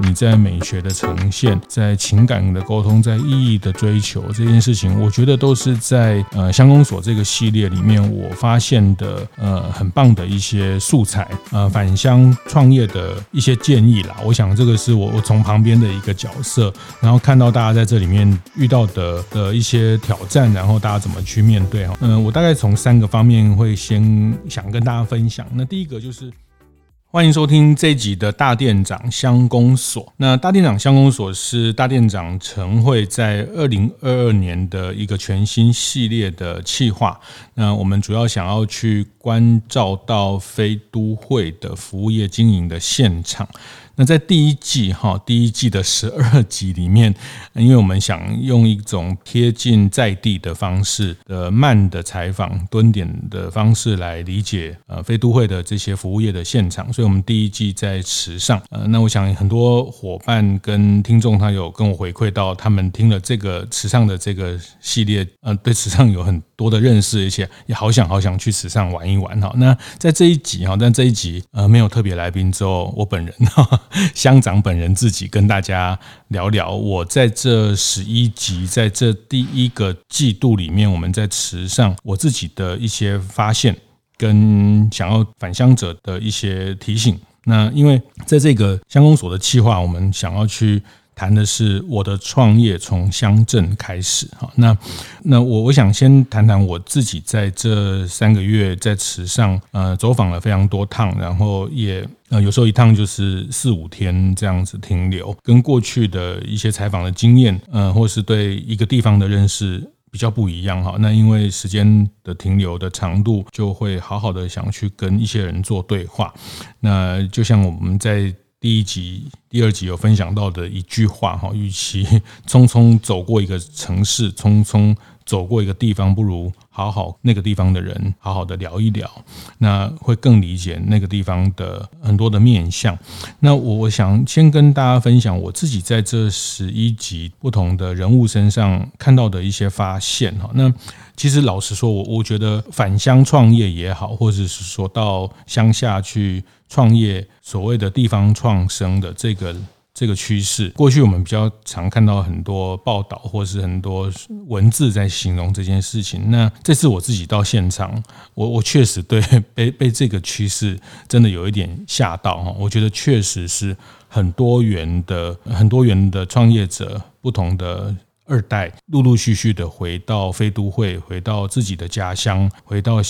你在美學的呈現，在情感的溝通，在意義的追求這件事情，我覺得都是在呃鄉公所這個系列裡面我發現的呃很棒的一些素材，呃返鄉創業的一些建議啦。我想這個是我我從旁邊的一個角色，然後看到大家在這裡面遇到的的一些挑戰，然後大家怎麼去面對哈。嗯，我大概從三個方面會先想跟大家分享。那第一個就是。歡迎收聽這一集的大店長鄉公所。那大店長鄉公所是大店長陳慧在二零二二年的一個全新系列的企劃。那我們主要想要去關照到非都會的服務業經營的現場。那在第一季哈，第一季的十二集裡面，因為我們想用一種貼近在地的方式，呃，慢的採訪、蹲點的方式來理解，呃，非都會的這些服務業的現場，所以我們第一季在池上，呃，那我想很多伙伴跟聽眾他有跟我回饋到，他們聽了這個池上的這個系列，呃，對池上有很多。多的認識一些，也好想好想去池上玩一玩哈。那在這一集哈，但這一集呃沒有特別來賓之後，我本人鄉長本人自己跟大家聊聊我在這十一集，在這第一個季度裡面，我們在池上我自己的一些發現跟想要返鄉者的一些提醒。那因為在這個鄉公所的企劃，我們想要去。談的是我的創業從鄉鎮開始哈，那那我我想先談談我自己在這三個月在池上呃，走訪了非常多趟，然後也呃，有時候一趟就是四五天這樣子停留，跟過去的一些採訪的經驗，嗯、呃、或是對一個地方的認識比較不一樣哈，那因為時間的停留的長度，就會好好的想去跟一些人做對話，那就像我們在。第一集、第二集有分享到的一句話哈，與其匆匆走過一個城市，匆匆走過一個地方，不如好好那個地方的人，好好的聊一聊，那會更理解那個地方的很多的面相面向。那我我想先跟大家分享我自己在這十一集不同的人物身上看到的一些發現哈。那其實老實說，我我覺得返鄉創業也好，或者是說到鄉下去。創業所謂的地方創生的這個這個趨勢，過去我們比較常看到很多報道，或是很多文字在形容這件事情。那這次我自己到現場，我我確實對被被這個趨勢真的有一點嚇到哈。我覺得確實是很多元的，很多元的創業者，不同的二代陸陸續續的回到非都會，回到自己的家鄉，回到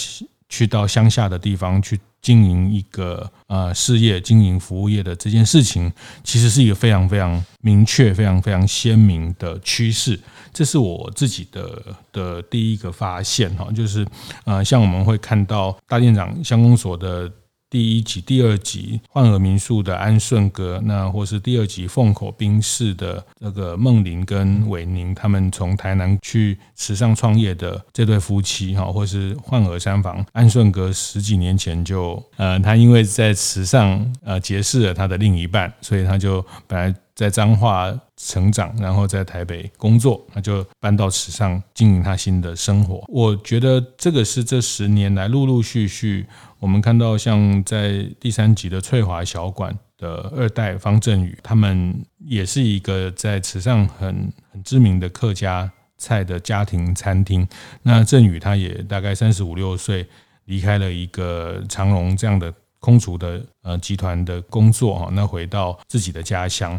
去到鄉下的地方去。經營一個呃事業，經營服務業的這件事情，其實是一個非常非常明確、非常非常鮮明的趨勢。這是我自己的的第一個發現哈、哦，就是呃，像我們會看到大店長、鄉公所的。第一集、第二集，換鵝民宿的安順閣，那或是第二集鳳口冰室的那個孟林跟偉寧，他們從台南去池上創業的這對夫妻，哈，或是換鵝三房安順閣十幾年前就，呃，他因為在池上呃結識了他的另一半，所以他就本來在彰化成長，然後在台北工作，他就搬到池上經營他新的生活。我覺得這個是這十年來陸陸續續。我們看到，像在第三集的翠華小館的二代方振宇，他們也是一個在池上很很知名的客家菜的家庭餐廳。那振宇他也大概三十五六歲，離開了一個長榮這樣的空廚的呃集團的工作啊，那回到自己的家鄉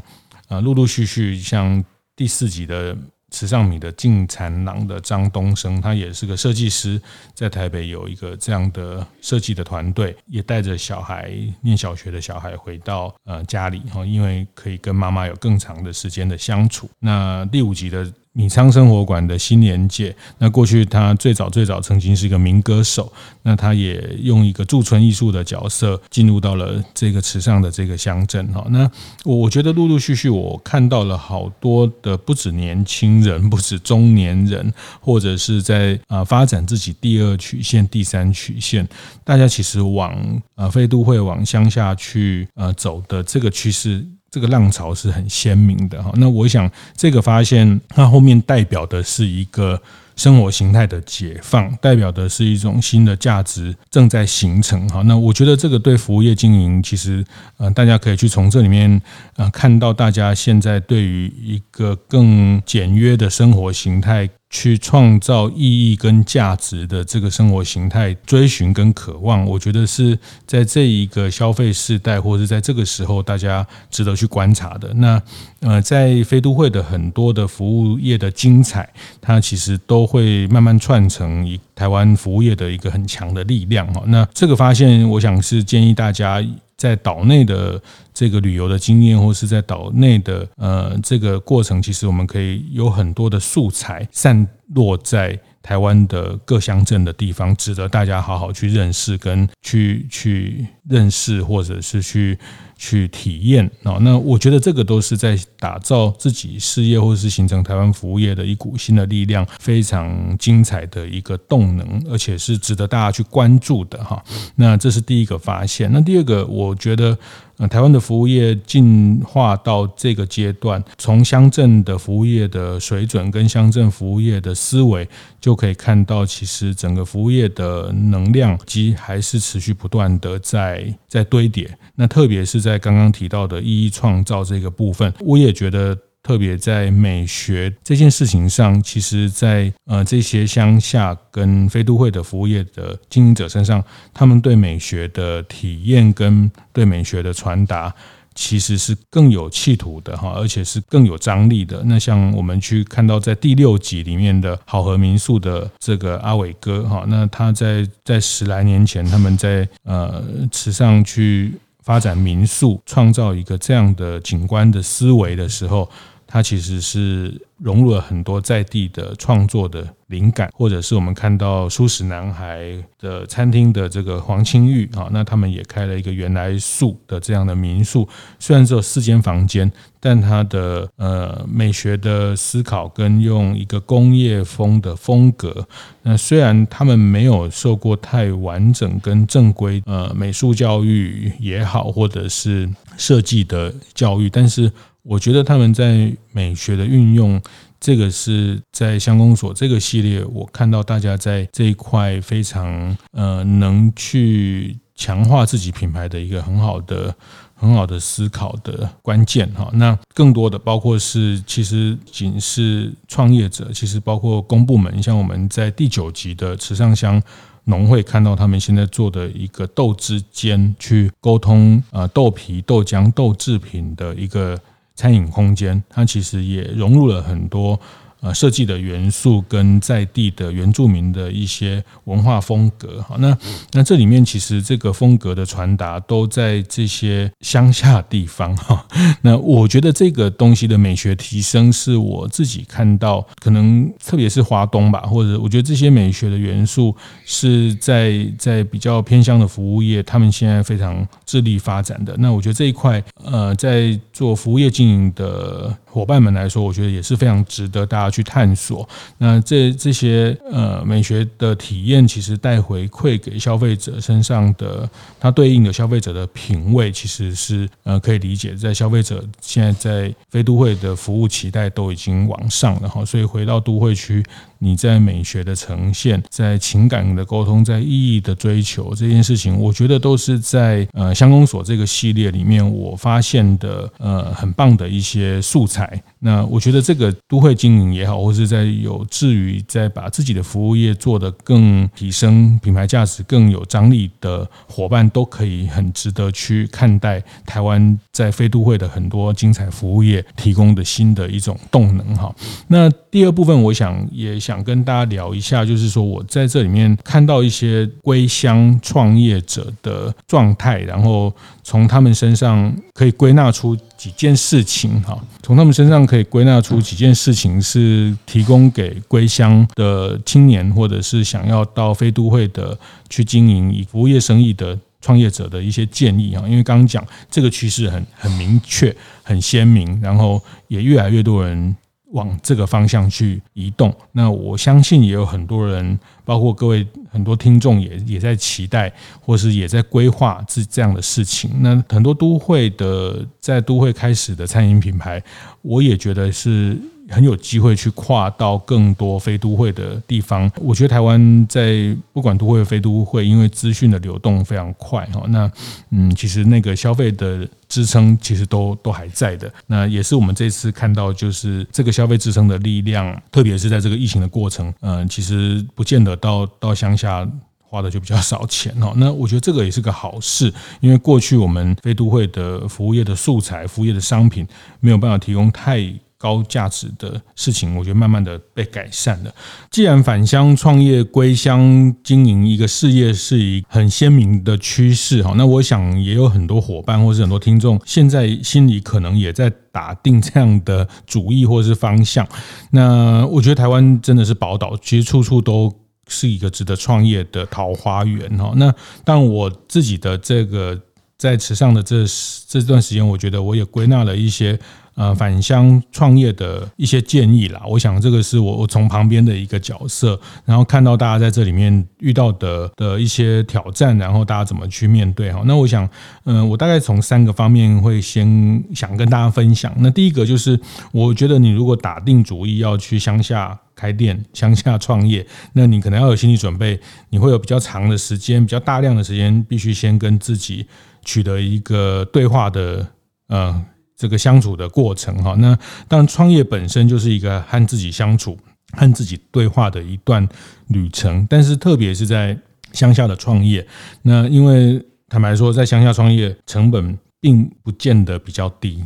啊，陸陸續續像第四集的。池上米的近產郎的張東升，他也是個設計師，在台北有一個這樣的設計的團隊，也帶着小孩念小學的小孩回到呃家裡哈，因為可以跟媽媽有更長的時間的相處。那第五集的。米倉生活館的新年界，那過去他最早最早曾經是一個民歌手，那他也用一個駐村藝術的角色進入到了這個池上的這個鄉鎮哈。那我我覺得陸陸續續我看到了好多的，不止年輕人，不止中年人，或者是在啊發展自己第二曲線、第三曲線，大家其實往啊非都會往鄉下去呃走的這個趨勢。這個浪潮是很鮮明的哈，那我想這個發現，它後面代表的是一個生活形態的解放，代表的是一種新的價值正在形成哈，那我覺得這個對服務業經營，其實嗯、呃，大家可以去從這裡面呃看到大家現在對於一個更簡約的生活形態。去創造意義跟價值的這個生活形態，追尋跟渴望，我覺得是在這一個消費時代，或者是在這個時候，大家值得去觀察的。那呃，在非都會的很多的服務業的精彩，它其實都會慢慢串成一台灣服務業的一個很強的力量哦，那這個發現，我想是建議大家。在島內的這個旅遊的經驗，或是在島內的呃這個過程，其實我們可以有很多的素材散落在台灣的各鄉鎮的地方，值得大家好好去認識，跟去去認識，或者是去去體驗啊。那我覺得這個都是在。打造自己事業，或者是形成台灣服務業的一股新的力量，非常精彩的一個動能，而且是值得大家去關注的哈。那這是第一個發現。那第二個，我覺得，呃，台灣的服務業進化到這個階段，從鄉鎮的服務業的水準跟鄉鎮服務業的思維，就可以看到，其實整個服務業的能量機還是持續不斷的在在堆疊。那特別是在剛剛提到的意義創造這個部分，服務業。我也覺得，特別在美學這件事情上，其實，在呃這些鄉下跟非都會的服務業的經營者身上，他們對美學的體驗跟對美學的傳達，其實是更有企圖的哈，而且是更有張力的。那像我們去看到在第六集裡面的好和民宿的這個阿偉哥哈，那他在在十來年前，他們在呃池上去，發展民宿，創造一個這樣的景觀的思維的時候。他其實是融入了很多在地的創作的靈感，或者是我們看到舒適男孩的餐廳的這個黃青玉啊，那他們也開了一個原來宿的這樣的民宿，雖然只有四間房間，但他的呃美學的思考跟用一個工業風的風格，那雖然他們沒有受過太完整跟正規呃美術教育也好，或者是設計的教育，但是。我覺得他們在美學的運用，這個是在鄉公所這個系列，我看到大家在這一塊非常呃能去強化自己品牌的一個很好的、很好的思考的關鍵哈。那更多的包括是，其實僅是創業者，其實包括公部門，像我們在第九集的池上鄉農會看到他們現在做的一個豆之間，去溝通啊、呃，豆皮、豆漿、豆製品的一個。餐飲空間，它其實也融入了很多。呃，設計的元素跟在地的原住民的一些文化風格，好，那那這裡面其實這個風格的傳達都在這些鄉下地方，哈，那我覺得這個東西的美學提升是我自己看到，可能特別是花東吧，或者我覺得這些美學的元素是在在比較偏鄉的服務業，他們現在非常致力發展的。那我覺得這一塊，呃，在做服務業經營的夥伴們來說，我覺得也是非常值得大家。去探索，那這這些呃美學的體驗，其實帶回饋給消費者身上的，它對應的消費者的品味，其實是呃可以理解。在消費者現在在非都會的服務期待都已經往上了哈，所以回到都會區。你在美學的呈現，在情感的溝通，在意義的追求這件事情，我覺得都是在呃鄉公所這個系列裡面我發現的呃很棒的一些素材。那我覺得這個都會經營也好，或者在有志於在把自己的服務業做得更提升品牌價值、更有張力的夥伴，都可以很值得去看待台灣在非都會的很多精彩服務業提供的新的一種動能哈。那第二部分，我想也。想跟大家聊一下，就是說我在這裡面看到一些歸鄉創業者的狀態，然後從他們身上可以歸納出幾件事情哈。從他們身上可以歸納出幾件事情，是提供給歸鄉的青年或者是想要到非都會的去經營以服務業生意的創業者的一些建議啊。因為剛剛講這個趨勢很很明確、很鮮明，然後也越來越多人。往這個方向去移動，那我相信也有很多人，包括各位很多聽眾也也在期待，或是也在規劃這這樣的事情。那很多都會的，在都會開始的餐飲品牌，我也覺得是。很有機會去跨到更多非都會的地方。我覺得台灣在不管都會非都會，因為資訊的流動非常快哈。那嗯，其實那個消費的支撐其實都都還在的。那也是我們這次看到，就是這個消費支撐的力量，特別是在這個疫情的過程。嗯，其實不見得到到鄉下花的就比較少錢。那我覺得這個也是個好事，因為過去我們非都會的服務業的素材、服務業的商品沒有辦法提供太。高價值的事情，我覺得慢慢的被改善了。既然返鄉創業、歸鄉經營一個事業是一個很鮮明的趨勢哈，那我想也有很多夥伴或是很多聽眾現在心裡可能也在打定這樣的主意或是方向。那我覺得台灣真的是寶島，其實處處都是一個值得創業的桃花源哈。那但我自己的這個在池上的這這段時間，我覺得我也歸納了一些。呃，返鄉創業的一些建議啦，我想這個是我我從旁邊的一個角色，然後看到大家在這裡面遇到的的一些挑戰，然後大家怎麼去面對哈。那我想，嗯，我大概從三個方面會先想跟大家分享。那第一個就是，我覺得你如果打定主意要去鄉下開店，鄉下創業，那你可能要有心理準備，你會有比較長的時間，比較大量的時間，必須先跟自己取得一個對話的，呃。這個相處的過程，哈，那當然，創業本身就是一個和自己相處、和自己對話的一段旅程。但是，特別是在鄉下的創業，那因為坦白說，在鄉下創業成本並不見得比較低，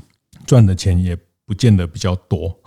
賺的錢也不見得比較多。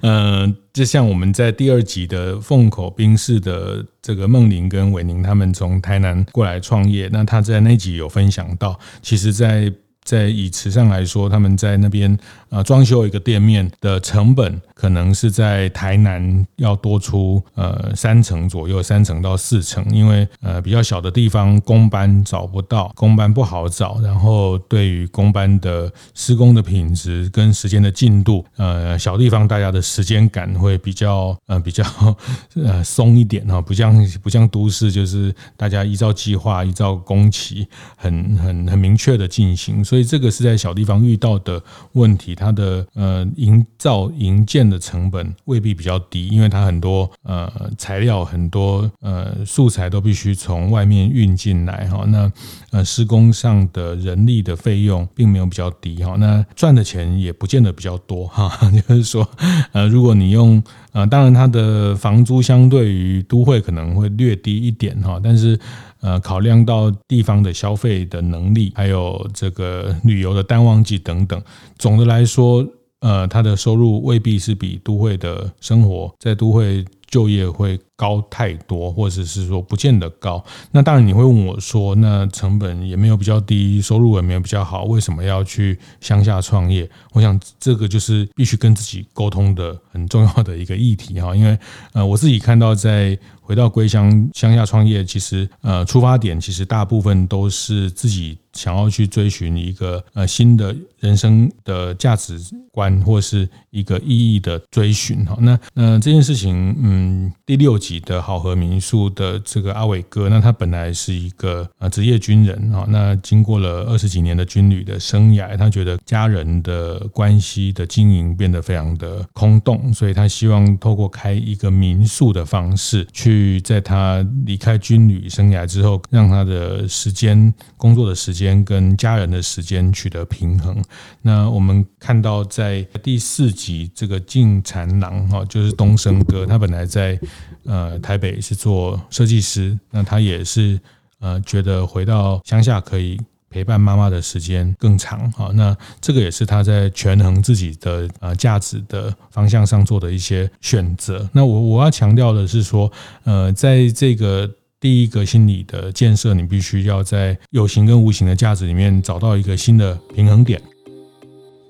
嗯、呃，就像我們在第二集的鳳口冰室的這個孟玲跟偉寧他們從台南過來創業，那他在那集有分享到，其實，在在以池上來說，他們在那邊啊裝修一個店面的成本，可能是在台南要多出呃三成左右，三成到四成，因為呃比較小的地方工班找不到，工班不好找，然後對於工班的施工的品質跟時間的進度，呃小地方大家的時間感會比較呃比較呵呵呃鬆一點哈，不像不像都市就是大家依照計劃依照工期很很很明確的進行。所以這個是在小地方遇到的問題，它的呃營造營建的成本未必比較低，因為它很多呃材料、很多呃素材都必須從外面運進來哈。那呃施工上的人力的費用並沒有比較低哈。那賺的錢也不見得比較多哈。就是說，呃，如果你用呃，當然它的房租相對於都會可能會略低一點哈，但是。呃，考量到地方的消費的能力，還有這個旅遊的淡旺季等等，總的來說，呃，它的收入未必是比都會的生活，在都會就業會。高太多，或者是，是說不見得高。那當然你會問我說：“那成本也沒有比較低，收入也沒有比較好，為什麼要去鄉下創業？”我想這個就是必須跟自己溝通的很重要的一個議題哈。因為呃，我自己看到在回到歸鄉鄉下創業，其實呃出發點其實大部分都是自己想要去追尋一個呃新的人生的價值觀或是一個意義的追尋哈。那嗯、呃，這件事情嗯第六集，的好和民宿的這個阿偉哥，那他本來是一個啊職業軍人哈，那經過了二十幾年的軍旅的生涯，他覺得家人的關係的經營變得非常的空洞，所以他希望透過開一個民宿的方式，去在他離開軍旅生涯之後，讓他的時間、工作的時間跟家人的時間取得平衡。那我們看到在第四集這個進禪郎哈，就是東升哥，他本來在，呃呃，台北是做設計師，那他也是呃，覺得回到鄉下可以陪伴媽媽的時間更長。啊，那這個也是他在權衡自己的呃價值的方向上做的一些選擇。那我我要強調的是說，呃，在這個第一個心理的建設，你必須要在有形跟無形的價值裡面找到一個新的平衡點。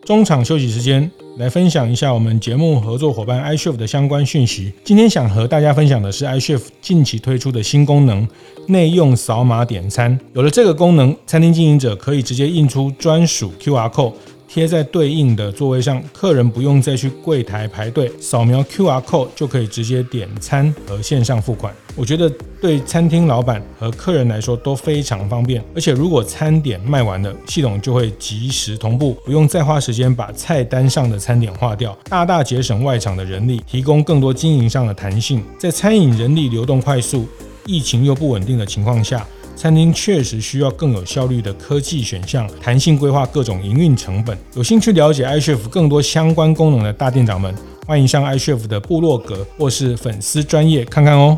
中場休息時間，來分享一下我們節目合作夥伴 iCHEF 的相關訊息。今天想和大家分享的是 iCHEF 近期推出的新功能——內用掃碼點餐。有了這個功能，餐廳經營者可以直接印出專屬 QR code。貼在對應的座位上，客人不用再去櫃檯排隊，掃描 QR code 就可以直接點餐和線上付款。我覺得對餐廳老板和客人來說都非常方便。而且如果餐點賣完了，系統就會及時同步，不用再花時間把菜單上的餐點劃掉，大大節省外場的人力，提供更多經營上的彈性。在餐飲人力流動快速、疫情又不穩定的情況下，餐廳確實需要更有效率的科技選項，彈性規劃各種營運成本。有興趣了解 iChef 更多相關功能的大店長們，歡迎上 iChef 的部落格或是粉絲專頁看看哦。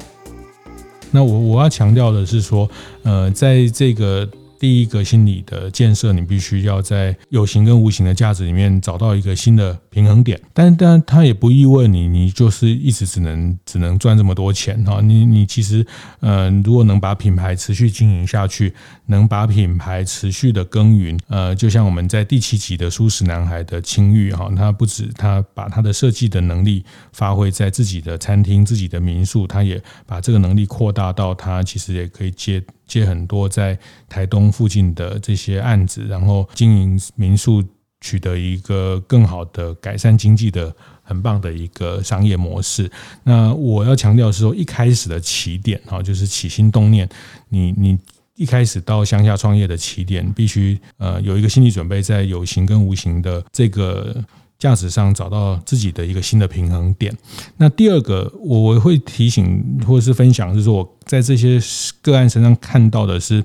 那我我要強調的是說，呃，在這個第一個心理的建設，你必須要在有形跟無形的價值裡面找到一個新的。平衡點，但但它也不意味你，你就是一直只能只能賺這麼多錢哈。你你其實，嗯、呃，如果能把品牌持續經營下去，能把品牌持續的耕耘，呃，就像我們在第七集的舒適男孩的清譽。哈，他不只他把他的設計的能力發揮在自己的餐廳、自己的民宿，他也把這個能力擴大到他其實也可以接接很多在台東附近的這些案子，然後經營民宿。取得一個更好的、改善經濟的很棒的一個商業模式。那我要強調的是說，一開始的起點哈，就是起心動念。你你一開始到鄉下創業的起點，必須呃有一個心理準備，在有形跟無形的這個駕駛上找到自己的一個新的平衡點。那第二個，我會提醒或者是分享，是說我在這些個案身上看到的是，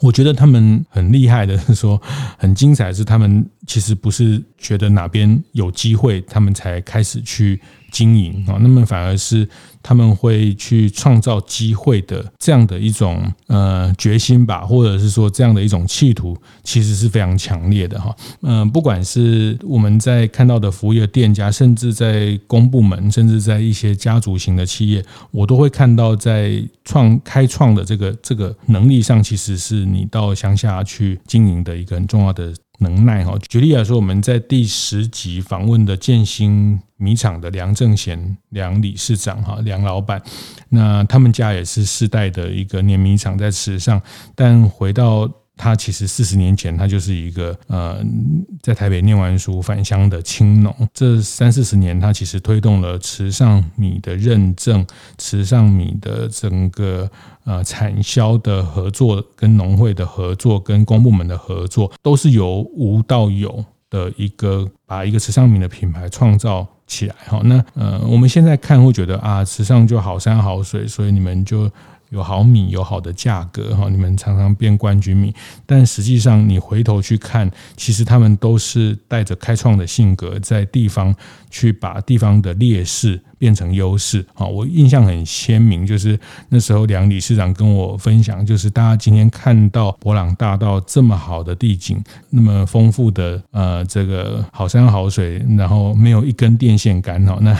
我覺得他們很厲害的是說很精彩是他們。其實不是覺得哪邊有機會，他們才開始去經營啊。那麼反而是他們會去創造機會的這樣的一種呃決心吧，或者是說這樣的一種企圖，其實是非常強烈的哈。嗯，不管是我們在看到的服務業店家，甚至在公部門，甚至在一些家族型的企業，我都會看到在創開創的這個這個能力上，其實是你到鄉下去經營的一個很重要的。能耐哈，舉例來說，我們在第十集訪問的建興米廠的梁正賢梁理事長哈，梁老闆，那他們家也是世代的一個碾米廠，在池上，但回到。他其實四十年前，他就是一個呃，在台北念完書返鄉的青農。這三四十年，他其實推動了池上米的認證，池上米的整個呃產銷的合作，跟農會的合作，跟公部門的合作，都是由無到有的一個把一個池上米的品牌創造起來。哈，那呃，我們現在看會覺得啊，池上就好山好水，所以你們就。有好米，有好的價格，哈，你們常常變冠軍米，但實際上你回頭去看，其實他們都是帶着開創的性格，在地方去把地方的劣勢。變成優勢。我印象很鮮明，就是那時候梁理事長跟我分享，就是大家今天看到伯朗大道這麼好的地景，那麼豐富的呃這個好山好水，然後沒有一根電線桿哦，那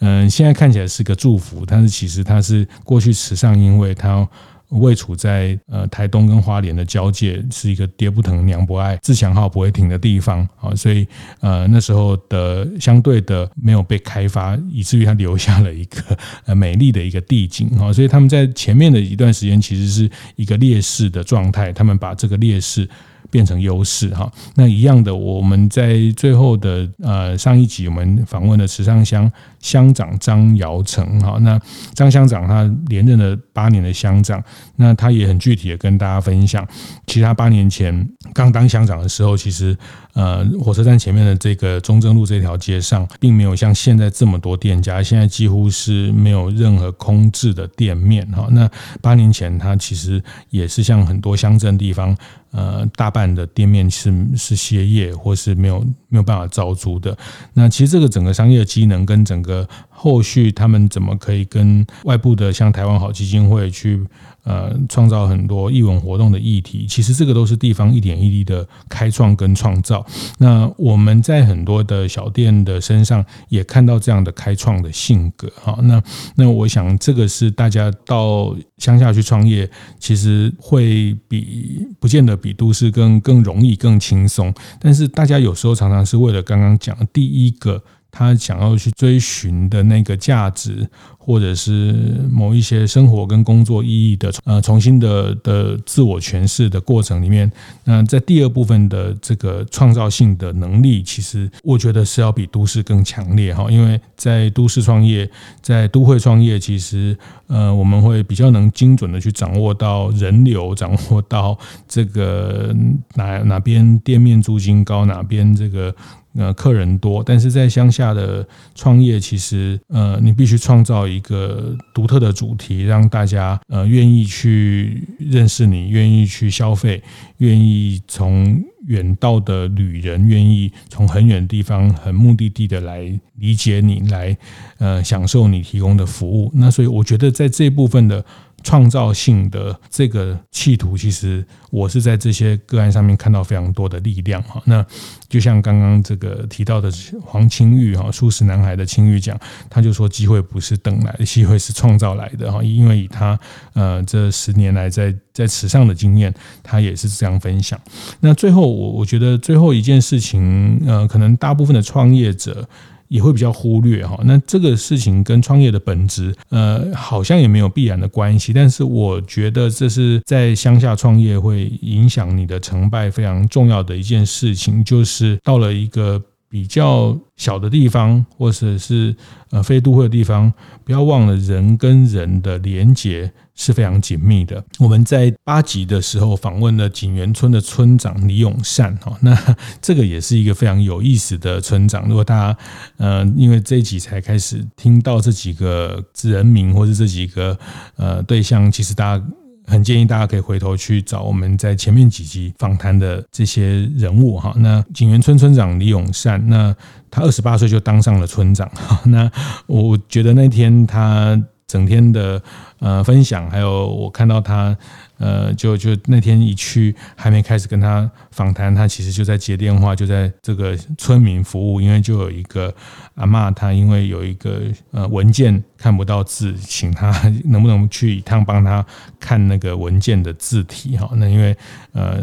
嗯、呃、現在看起來是個祝福，但是其實它是過去池上因為它。位處在呃台東跟花蓮的交界，是一個爹不疼娘不愛、自強號不會停的地方啊，所以呃那時候的相對的沒有被開發，以至於它留下了一個呃美麗的一個地景啊，所以他們在前面的一段時間其實是一個劣勢的狀態，他們把這個劣勢。變成優勢哈。那一樣的，我們在最後的呃上一集我們訪問了池上鄉鄉長張堯成哈。那張鄉長他連任了八年的鄉長，那他也很具體的跟大家分享，其他八年前剛當鄉長的時候，其實呃火車站前面的這個中正路這條街上，並沒有像現在這麼多店家，現在幾乎是沒有任何空置的店面哈。那八年前他其實也是像很多鄉鎮地方。呃，大半的店面是是歇業，或是沒有，沒有辦法招租的。那其實這個整個商業機能跟整個後續，他們怎麼可以跟外部的像台灣好基金會去呃創造很多藝文活動的議題？其實這個都是地方一點一滴的開創跟創造。那我們在很多的小店的身上也看到這樣的開創的性格。好，那那我想這個是大家到鄉下去創業，其實會比不見得比都市更更容易、更輕鬆。但是大家有時候常常是為了剛剛講第一個。他想要去追尋的那個價值，或者是某一些生活跟工作意義的呃重新的的自我詮釋的過程裡面，那在第二部分的這個創造性的能力，其實我覺得是要比都市更強烈哈，因為在都市創業，在都會創業，其實呃我們會比較能精準的去掌握到人流，掌握到這個哪哪邊店面租金高，哪邊這個。呃，客人多，但是在鄉下的創業，其實呃，你必須創造一個獨特的主題，讓大家呃願意去認識你，願意去消費，願意從遠道的旅人，願意從很遠的地方，很目的地的來理解你，來呃享受你提供的服務。那所以，我覺得在這部分的。創造性的這個企圖，其實我是在這些個案上面看到非常多的力量哈。那就像剛剛這個提到的黃清玉哈，初識男孩的清玉講，他就說機會不是等來的，機會是創造來的哈。因為以他呃這十年來在在池上的經驗，他也是這樣分享。那最後我我覺得最後一件事情，呃，可能大部分的創業者。也會比較忽略哈，那這個事情跟創業的本質，呃，好像也沒有必然的關係。但是我覺得這是在鄉下創業會影響你的成敗非常重要的一件事情，就是到了一個比較小的地方，或者是呃非都會的地方，不要忘了人跟人的連結是非常緊密的。我們在八集的時候訪問了錦園村的村長李永善哈，那這個也是一個非常有意思的村長。如果大家呃因為這一集才開始聽到這幾個人名或者這幾個呃對象，其實大家很建議大家可以回頭去找我們在前面幾集訪談的這些人物哈。那錦園村村長李永善，那他二十八歲就當上了村長。那我覺得那天他。整天的呃分享，還有我看到他。呃，就就那天一去，還沒開始跟他訪談，他其實就在接電話，就在這個村民服務，因為就有一個阿嬤，他因為有一個呃文件看不到字，請他能不能去一趟幫他看那個文件的字體哈。那因為呃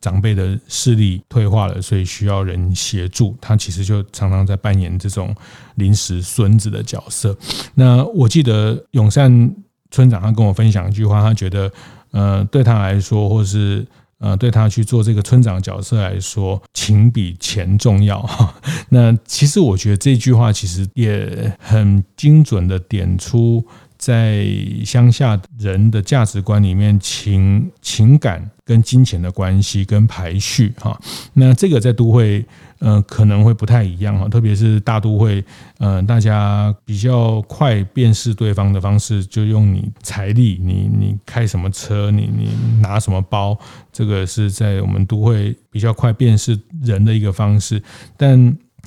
長輩的視力退化了，所以需要人協助，他其實就常常在扮演這種臨時孫子的角色。那我記得永善村長他跟我分享一句話，他覺得。呃，對他來說，或是呃，對他去做這個村長角色來說，情比錢重要。 那其實我覺得這句話其實也很精準的點出。在鄉下人的價值觀裡面，情情感跟金錢的關係跟排序哈，那這個在都會，嗯、呃，可能會不太一樣哈，特別是大都會，嗯、呃，大家比較快辨識對方的方式，就用你財力，你你開什麼車，你你拿什麼包，這個是在我們都會比較快辨識人的一個方式，但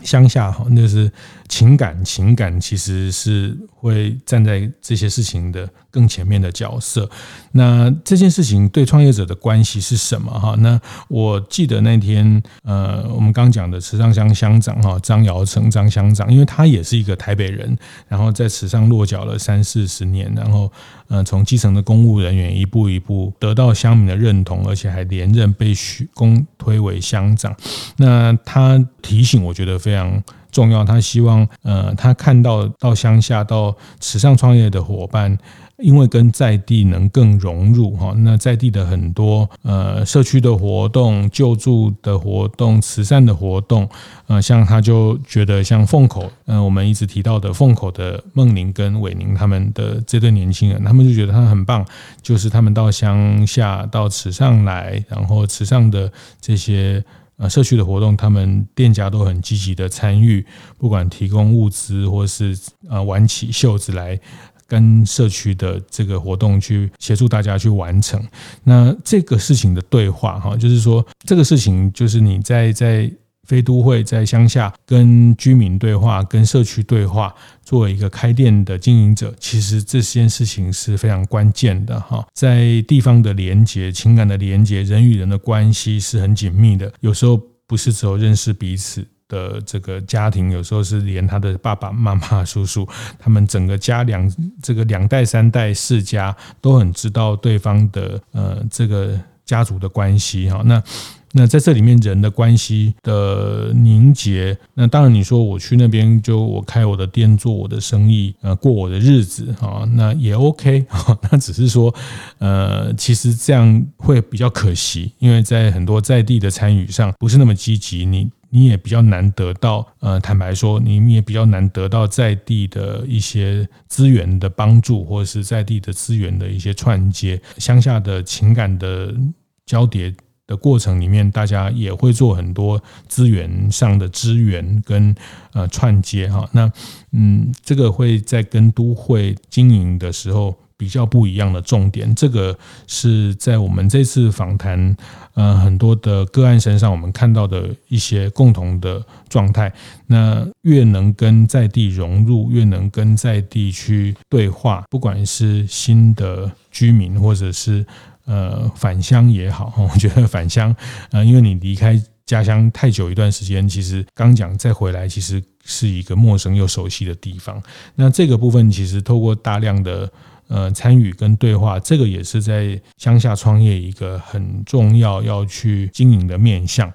鄉下哈，那、就是。情感情感其實是會站在這些事情的更前面的角色。那這件事情對創業者的關係是什麼？哈，那我記得那天，呃，我們剛講的池上鄉鄉長哈，張堯城張鄉長，因為他也是一個台北人，然後在池上落腳了三四十年，然後，呃，從基層的公務人員一步一步得到鄉民的認同，而且還連任被許公推為鄉長。那他提醒，我覺得非常。重要，他希望，呃，他看到到鄉下到池上創業的夥伴，因為跟在地能更融入哈、哦，那在地的很多，呃，社區的活動、救助的活動、慈善的活動，呃，像他就覺得像鳳口，呃，我們一直提到的鳳口的孟寧跟韋寧他們的這對年輕人，他們就覺得他很棒，就是他們到鄉下到池上來，然後池上的這些。啊，社區的活動，他們店家都很積極的參與，不管提供物資，或是啊挽起袖子來跟社區的這個活動去協助大家去完成。那這個事情的對話，哈，就是說這個事情就是你在在。非都會在鄉下跟居民對話，跟社區對話。作為一個開店的經營者，其實這件事情是非常關鍵的哈。在地方的連接、情感的連接、人與人的關係是很緊密的。有時候不是只有認識彼此的這個家庭，有時候是連他的爸爸媽媽、叔叔，他們整個家兩這個兩代、三代、四家都很知道對方的呃這個家族的關係哈。那。那在這裡面人的關係的凝結，那當然你說，我去那邊就我開我的店，做我的生意，呃，過我的日子啊，哦，那也 OK，那只是說，呃，其實這樣會比較可惜，因為在很多在地的參與上不是那麼積極，你你也比較難得到，呃，坦白說你也比較難得到在地的一些資源的幫助，或者是在地的資源的一些串接，鄉下的情感的交疊。的過程裡面，大家也會做很多資源上的資源跟呃串接哈。那嗯，這個會在跟都會經營的時候比較不一樣的重點。這個是在我們這次訪談呃很多的個案身上，我們看到的一些共同的狀態。那越能跟在地融入，越能跟在地去對話，不管是新的居民或者是。呃，返鄉也好，我覺得返鄉，呃，因為你離開家鄉太久一段時間，其實剛講再回來，其實是一個陌生又熟悉的地方。那這個部分其實透過大量的呃參與跟對話，這個也是在鄉下創業一個很重要要去經營的面向。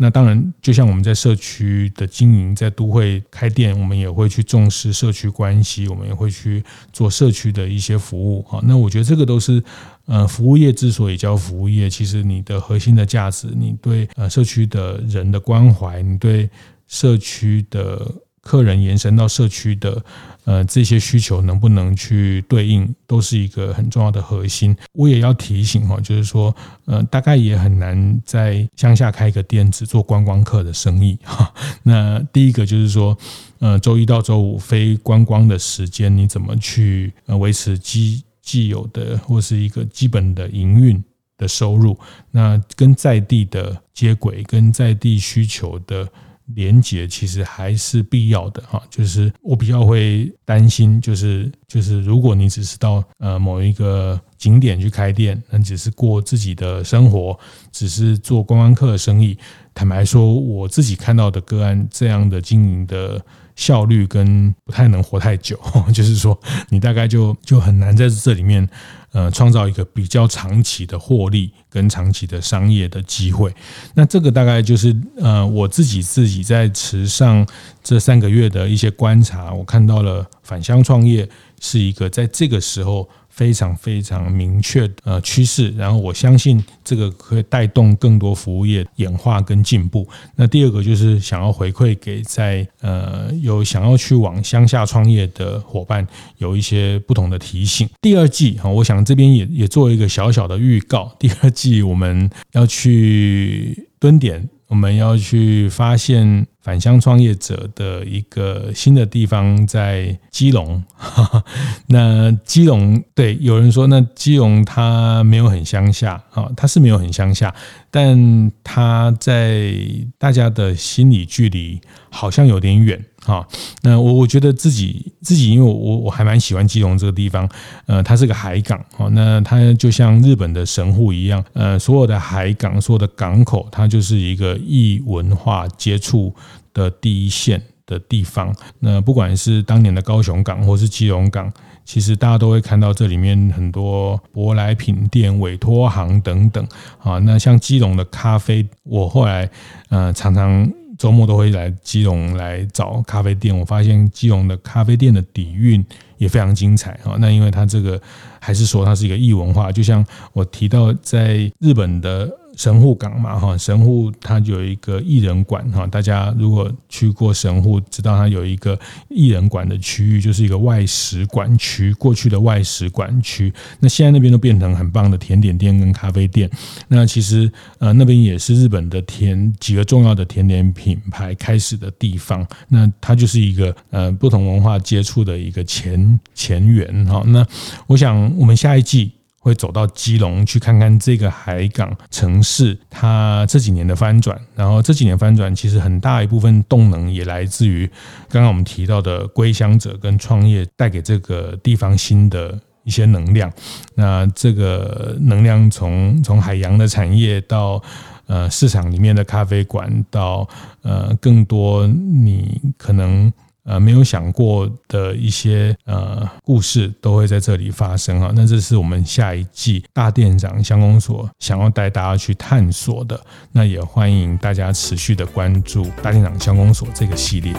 那當然，就像我們在社區的經營，在都會開店，我們也會去重視社區關係，我們也會去做社區的一些服務啊，哦。那我覺得這個都是。呃，服務業之所以叫服務業，其實你的核心的價值，你對呃社區的人的關懷，你對社區的客人延伸到社區的呃這些需求能不能去對應，都是一個很重要的核心。我也要提醒哈，就是說，呃，大概也很難在鄉下開一個店只做觀光客的生意哈。那第一個就是說，呃，周一到周五非觀光的時間你怎麼去呃維持基？既有的或是一個基本的營運的收入，那跟在地的接軌、跟在地需求的連接，其實還是必要的哈。就是我比較會擔心，就是就是如果你只是到呃某一個景點去開店，那只是過自己的生活，只是做觀光客的生意，坦白說，我自己看到的個案這樣的經營的。效率跟不太能活太久，就是說你大概就就很難在這裡面，呃，創造一個比較長期的獲利跟長期的商業的機會。那這個大概就是呃，我自己自己在池上這三個月的一些觀察，我看到了返鄉創業是一個在這個時候。非常非常明確的趨勢，然後我相信這個可以帶動更多服務業演化、跟進步。那第二個就是想要回饋給在呃有想要去往鄉下創業的夥伴，有一些不同的提醒。第二季哈，我想這邊也也做一個小小的預告。第二季我們要去蹲點。我們要去發現返鄉創業者的一個新的地方，在基隆。哈哈，那基隆，對，有人說，那基隆它沒有很鄉下啊，它是沒有很鄉下，但它在大家的心理距離好像有點遠。啊，那我我覺得自己自己，因為我我還蠻喜歡基隆這個地方，呃，它是個海港，哦，那它就像日本的神戶一樣，呃，所有的海港、所有的港口，它就是一個異文化接觸的第一線的地方。那不管是當年的高雄港，或是基隆港，其實大家都會看到這裡面很多舶來品店、委託行等等啊，哦。那像基隆的咖啡，我後來呃，常常。週末都會來基隆來找咖啡店，我發現基隆的咖啡店的底蘊也非常精彩啊。那因為它這個還是說它是一個異文化，就像我提到在日本的。神戶港嘛，哈，神戶它有一個異人館，哈，大家如果去過神戶，知道它有一個異人館的區域，就是一個外食館區，過去的外食館區，那現在那邊都變成很棒的甜點店跟咖啡店。那其實呃，那邊也是日本的甜幾個重要的甜點品牌開始的地方。那它就是一個呃不同文化接觸的一個前前緣，哈。那我想我們下一季。會走到基隆去看看這個海港城市，它這幾年的翻轉，然後這幾年翻轉其實很大一部分動能也來自於剛剛我們提到的歸鄉者跟創業帶給這個地方新的一些能量。那這個能量從從海洋的產業到呃市場裡面的咖啡館到呃更多你可能。呃，沒有想過的一些呃故事都會在這裡發生啊！那這是我們下一季大店長鄉公所想要帶大家去探索的，那也歡迎大家持續的關注大店長鄉公所這個系列。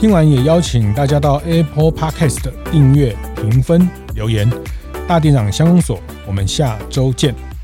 今晚也邀請大家到 Apple Podcast 訂閱、評分、留言。大店長鄉公所，我們下周見。